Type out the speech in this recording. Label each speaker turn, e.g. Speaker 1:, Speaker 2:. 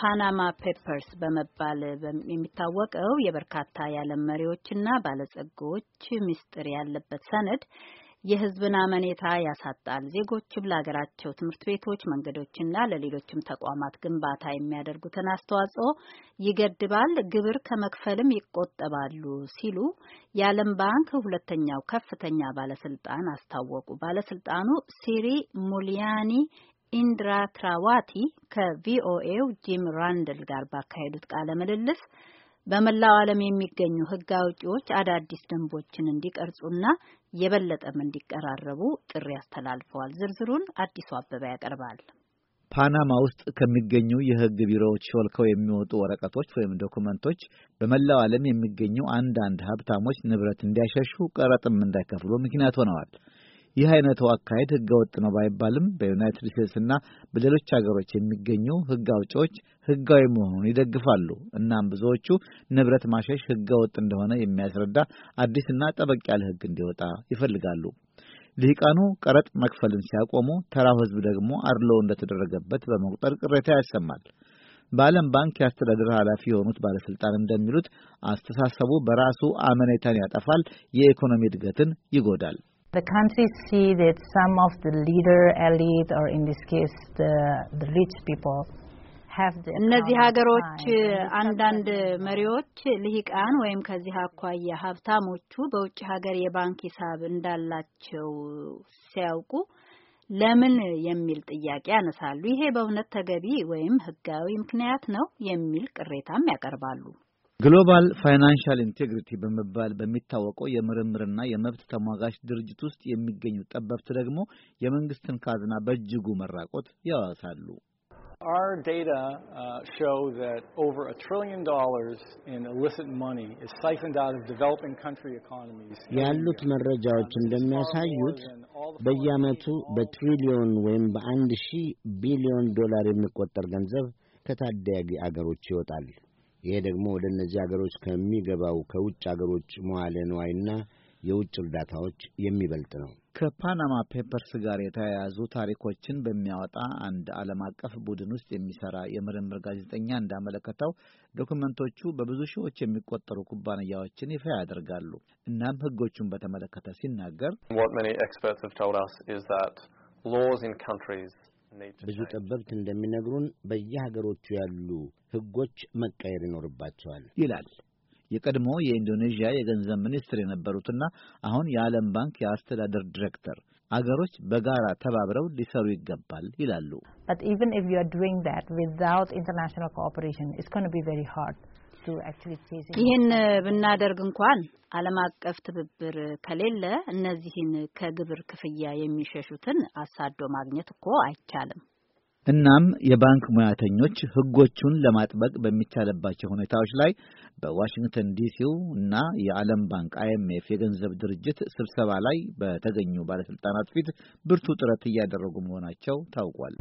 Speaker 1: ፓናማ ፔፐርስ በመባል የሚታወቀው የበርካታ የዓለም መሪዎችና ባለጸጎች ምስጢር ያለበት ሰነድ የሕዝብን አመኔታ ያሳጣል። ዜጎችም ለሀገራቸው ትምህርት ቤቶች፣ መንገዶችና ለሌሎችም ተቋማት ግንባታ የሚያደርጉትን አስተዋጽኦ ይገድባል፣ ግብር ከመክፈልም ይቆጠባሉ ሲሉ የዓለም ባንክ ሁለተኛው ከፍተኛ ባለስልጣን አስታወቁ። ባለስልጣኑ ሲሪ ሙሊያኒ ኢንድራ ትራዋቲ ከቪኦኤው ጂም ራንደል ጋር ባካሄዱት ቃለ ምልልስ በመላው ዓለም የሚገኙ ሕግ አውጪዎች አዳዲስ ደንቦችን እንዲቀርጹና የበለጠም እንዲቀራረቡ ጥሪ አስተላልፈዋል። ዝርዝሩን አዲሱ አበባ ያቀርባል።
Speaker 2: ፓናማ ውስጥ ከሚገኙ የሕግ ቢሮዎች ሾልከው የሚወጡ ወረቀቶች ወይም ዶኩመንቶች በመላው ዓለም የሚገኙ አንዳንድ ሀብታሞች ንብረት እንዲያሸሹ ቀረጥም እንዳይከፍሉ ምክንያት ሆነዋል። ይህ አይነቱ አካሄድ ህገ ወጥ ነው ባይባልም በዩናይትድ ስቴትስና በሌሎች ሀገሮች የሚገኙ ህግ አውጪዎች ህጋዊ መሆኑን ይደግፋሉ። እናም ብዙዎቹ ንብረት ማሸሽ ህገወጥ እንደሆነ የሚያስረዳ አዲስና ጠበቅ ያለ ህግ እንዲወጣ ይፈልጋሉ። ልሂቃኑ ቀረጥ መክፈልን ሲያቆሙ፣ ተራው ህዝብ ደግሞ አድሎ እንደተደረገበት በመቁጠር ቅሬታ ያሰማል። በዓለም ባንክ የአስተዳደር ኃላፊ የሆኑት ባለሥልጣን እንደሚሉት አስተሳሰቡ በራሱ አመኔታን ያጠፋል፣ የኢኮኖሚ እድገትን ይጎዳል።
Speaker 1: The country see that some of the leader elite, or in this case the, the rich people, እነዚህ ሀገሮች አንዳንድ መሪዎች ልሂቃን ወይም ከዚህ አኳያ ሀብታሞቹ በውጭ ሀገር የባንክ ሂሳብ እንዳላቸው ሲያውቁ ለምን የሚል ጥያቄ ያነሳሉ። ይሄ በእውነት ተገቢ ወይም ሕጋዊ ምክንያት ነው የሚል ቅሬታም ያቀርባሉ።
Speaker 2: ግሎባል ፋይናንሻል ኢንቴግሪቲ በመባል በሚታወቀው የምርምርና የመብት ተሟጋች ድርጅት ውስጥ የሚገኙ ጠበብት ደግሞ የመንግስትን ካዝና በእጅጉ መራቆት ያዋሳሉ። ያሉት መረጃዎች እንደሚያሳዩት በየዓመቱ በትሪሊዮን ወይም በአንድ ሺህ ቢሊዮን ዶላር የሚቆጠር ገንዘብ ከታዳጊ አገሮች ይወጣል። ይሄ ደግሞ ወደ እነዚህ አገሮች ከሚገባው ከውጭ ሀገሮች መዋለ ንዋይና የውጭ እርዳታዎች የሚበልጥ ነው። ከፓናማ ፔፐርስ ጋር የተያያዙ ታሪኮችን በሚያወጣ አንድ ዓለም አቀፍ ቡድን ውስጥ የሚሰራ የምርምር ጋዜጠኛ እንዳመለከተው ዶክመንቶቹ በብዙ ሺዎች የሚቆጠሩ ኩባንያዎችን ይፋ ያደርጋሉ። እናም ሕጎቹን በተመለከተ ሲናገር ብዙ ጠበብት እንደሚነግሩን በየሀገሮቹ ያሉ ሕጎች መቀየር ይኖርባቸዋል ይላል የቀድሞ የኢንዶኔዥያ የገንዘብ ሚኒስትር የነበሩትና አሁን የዓለም ባንክ የአስተዳደር ዲሬክተር አገሮች በጋራ ተባብረው ሊሰሩ ይገባል ይላሉ።
Speaker 1: ይህን ብናደርግ እንኳን ዓለም አቀፍ ትብብር ከሌለ እነዚህን ከግብር ክፍያ የሚሸሹትን አሳዶ ማግኘት እኮ አይቻልም።
Speaker 2: እናም የባንክ ሙያተኞች ሕጎቹን ለማጥበቅ በሚቻልባቸው ሁኔታዎች ላይ በዋሽንግተን ዲሲው እና የዓለም ባንክ አይኤምኤፍ የገንዘብ ድርጅት ስብሰባ ላይ በተገኙ ባለሥልጣናት ፊት ብርቱ ጥረት እያደረጉ መሆናቸው ታውቋል።